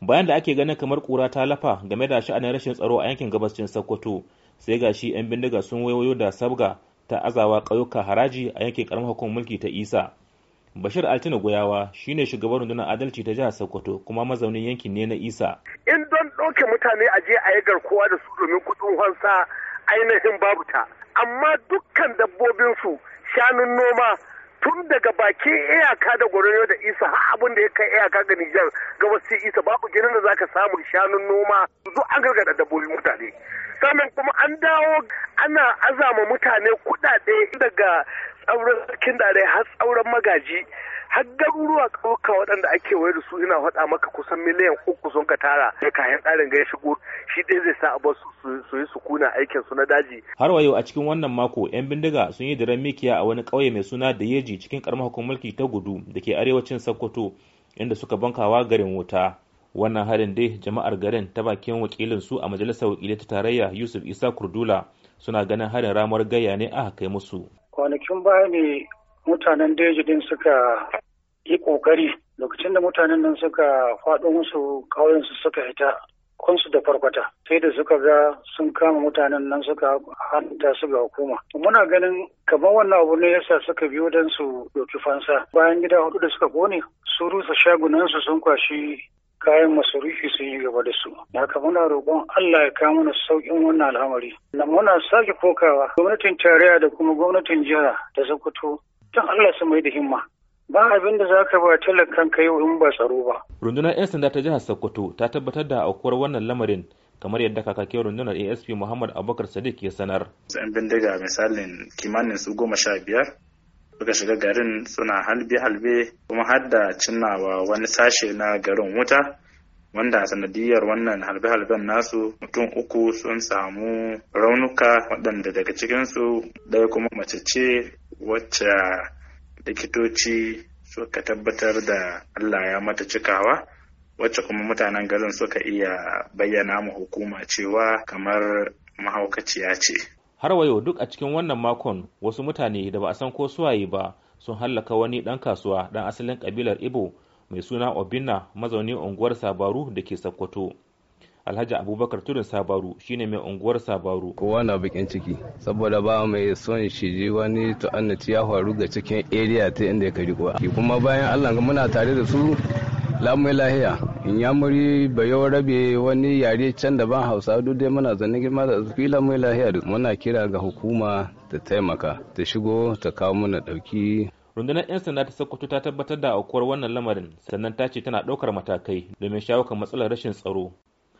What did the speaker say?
bayan da ake ganin kamar kura ta lafa game da sha'anin rashin tsaro a yankin gabashin sokoto sai ga shi 'yan bindiga sun wayoyo da sabga ta azawa ƙauyuka haraji a yankin karamar hukumar mulki ta isa bashir altina goyawa shine shugaban rundunar adalci ta jihar sokoto kuma mazaunin yankin ne na isa in don ɗauke mutane a je a yi garkuwa da su domin kuɗin hansa ainihin babu ta amma dukkan dabbobin su shanun noma tun daga bakin iyaka da gwararriyo da isa har abin da ya kai iyaka ga nijar wasu isa babu ginin da zaka samu shanun noma zu an gargada dabbobin mutane sannan kuma an dawo ana azama mutane kudade daga tsauran sarkin dare har tsauran magaji har garuruwa ƙauyuka waɗanda ake wayar da su ina faɗa maka kusan miliyan uku sun ka tara da kayan tsarin gaya shigo shi ɗaya zai sa abu su yi sukuna aikin su na daji. Har wayo a cikin wannan mako 'yan bindiga sun yi diren mikiya a wani kauye mai suna da yeji cikin ƙaramar hukumar mulki ta gudu da ke arewacin Sokoto inda suka bankawa garin wuta. Wannan harin dai jama'ar garin ta bakin wakilin su a majalisar wakilai ta tarayya Yusuf Isa Kurdula suna ganin harin ramuwar gayya ne aka kai musu. Kwanakin baya mutanen deji din suka yi ƙoƙari lokacin da mutanen nan suka faɗo musu ƙauyensu suka hita kunsu da farkwata sai da suka ga sun kama mutanen nan suka hanta su ga hukuma muna ganin kamar wannan abu ne yasa suka biyo don su ɗauki fansa bayan gida hudu da suka kone su rusa su sun kwashi kayan masarufi sun yi gaba da su haka muna roƙon Allah ya kawo mana sauƙin wannan al'amari na muna sake kokawa gwamnatin tarayya da kuma gwamnatin jiha da Sokoto don Allah su mai da himma ba abin da za ka ba talakan ka yau in ba tsaro ba. rundunar 'yan sanda ta jihar sokoto ta tabbatar da aukuwar wannan lamarin kamar yadda kakakin rundunar asp muhammad abubakar sadiq ya sanar. yan bindiga misalin kimanin su goma sha biyar suka shiga garin suna halbe-halbe kuma har da cinnawa wani sashe na garin wuta wanda sanadiyar wannan halbe-halben nasu mutum uku sun samu raunuka waɗanda daga cikinsu ɗaya kuma mace ce wacce likitoci suka tabbatar da Allah ya mata cikawa wacce kuma mutanen garin suka iya bayyana mu hukuma cewa kamar mahaukaciya ce. Har wayo duk a cikin wannan makon wasu mutane da ba a san ko suwaye ba sun hallaka wani ɗan kasuwa ɗan asalin ƙabilar Ibo mai suna Obinna mazaunin unguwar Sabaru da ke Sokoto. Alhaji Abubakar turin Sabaru shine mai unguwar Sabaru. Kowa na bakin ciki saboda ba mai son shi je wani ta'annaci ya faru ga cikin area ta inda ya kari kuwa. Kuma bayan Allah muna tare da su lamai lahiya in ya muri bayo rabe wani yare can da ban hausa duk dai muna zanen girma da zafi lamai lahiya duk muna kira ga hukuma ta taimaka ta shigo ta kawo mana dauki rundunar 'yan sanda ta sokoto ta tabbatar da aukuwar wannan lamarin sannan ta ce tana ɗaukar matakai domin shawo kan matsalar rashin tsaro